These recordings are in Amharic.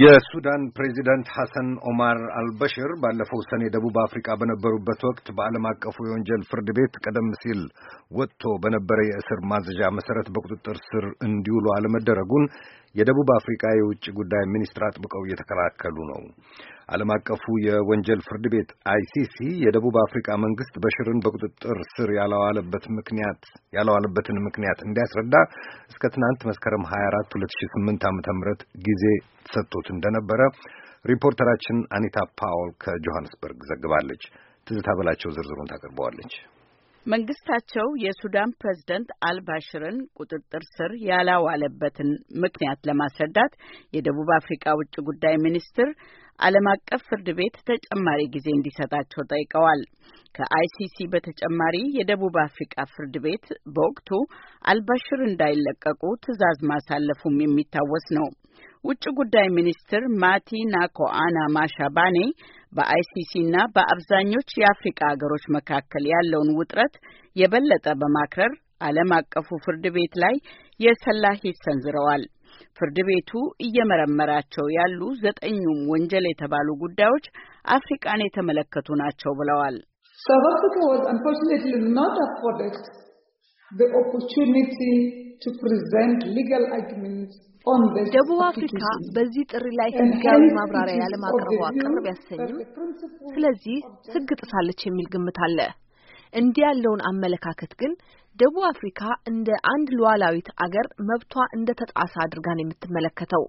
የሱዳን ፕሬዚደንት ሐሰን ኦማር አልበሽር ባለፈው ሰኔ ደቡብ አፍሪካ በነበሩበት ወቅት በዓለም አቀፉ የወንጀል ፍርድ ቤት ቀደም ሲል ወጥቶ በነበረ የእስር ማዘዣ መሰረት በቁጥጥር ስር እንዲውሉ አለመደረጉን የደቡብ አፍሪካ የውጭ ጉዳይ ሚኒስትር አጥብቀው እየተከራከሉ ነው። ዓለም አቀፉ የወንጀል ፍርድ ቤት አይሲሲ የደቡብ አፍሪካ መንግስት በሽርን በቁጥጥር ስር ያለዋለበት ምክንያት ያለዋለበትን ምክንያት እንዲያስረዳ እስከ ትናንት መስከረም 24 2008 ዓ.ም ጊዜ ሰጥቶት እንደነበረ ሪፖርተራችን አኒታ ፓውል ከጆሃንስበርግ ዘግባለች። ትዝታ በላቸው ዝርዝሩን ታቀርበዋለች። መንግስታቸው የሱዳን ፕሬዝደንት አልባሽርን ቁጥጥር ስር ያላዋለበትን ምክንያት ለማስረዳት የደቡብ አፍሪካ ውጭ ጉዳይ ሚኒስትር ዓለም አቀፍ ፍርድ ቤት ተጨማሪ ጊዜ እንዲሰጣቸው ጠይቀዋል። ከአይሲሲ በተጨማሪ የደቡብ አፍሪካ ፍርድ ቤት በወቅቱ አልባሽር እንዳይለቀቁ ትዕዛዝ ማሳለፉም የሚታወስ ነው። ውጭ ጉዳይ ሚኒስትር ማቲ ናኮአና ማሻባኔ በአይሲሲና በአብዛኞች የአፍሪቃ አገሮች መካከል ያለውን ውጥረት የበለጠ በማክረር ዓለም አቀፉ ፍርድ ቤት ላይ የሰላ ሂስ ሰንዝረዋል። ፍርድ ቤቱ እየመረመራቸው ያሉ ዘጠኙም ወንጀል የተባሉ ጉዳዮች አፍሪቃን የተመለከቱ ናቸው ብለዋል። ሳውዝ አፍሪካ ደቡብ አፍሪካ በዚህ ጥሪ ላይ ህጋዊ ማብራሪያ ያለማቅረቧ ቅር ቢያሰኝም፣ ስለዚህ ህግ ጥሳለች የሚል ግምት አለ። እንዲህ ያለውን አመለካከት ግን ደቡብ አፍሪካ እንደ አንድ ሉዓላዊት አገር መብቷ እንደ ተጣሳ አድርጋን የምትመለከተው።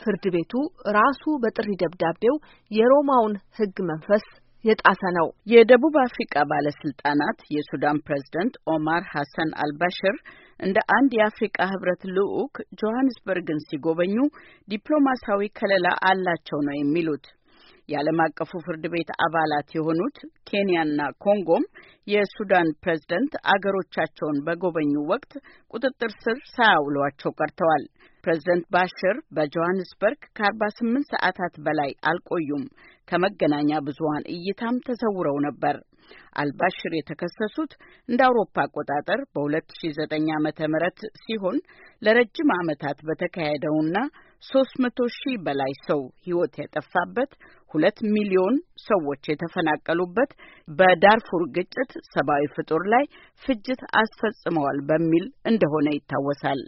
ፍርድ ቤቱ ራሱ በጥሪ ደብዳቤው የሮማውን ህግ መንፈስ የጣሰ ነው። የደቡብ አፍሪካ ባለስልጣናት የሱዳን ፕሬዝደንት ኦማር ሐሰን አልባሽር እንደ አንድ የአፍሪቃ ህብረት ልዑክ ጆሀንስበርግን ሲጎበኙ ዲፕሎማሲያዊ ከለላ አላቸው ነው የሚሉት የዓለም አቀፉ ፍርድ ቤት አባላት የሆኑት ኬንያና ኮንጎም የሱዳን ፕሬዝደንት አገሮቻቸውን በጎበኙ ወቅት ቁጥጥር ስር ሳያውሏቸው ቀርተዋል። ፕሬዝደንት ባሽር በጆሃንስበርግ ከ48 ሰዓታት በላይ አልቆዩም። ከመገናኛ ብዙሃን እይታም ተሰውረው ነበር። አልባሽር የተከሰሱት እንደ አውሮፓ አቆጣጠር በ2009 ዓ.ም ሲሆን ለረጅም ዓመታት በተካሄደውና ሶስት መቶ ሺህ በላይ ሰው ህይወት የጠፋበት ሁለት ሚሊዮን ሰዎች የተፈናቀሉበት በዳርፉር ግጭት ሰብአዊ ፍጡር ላይ ፍጅት አስፈጽመዋል በሚል እንደሆነ ይታወሳል።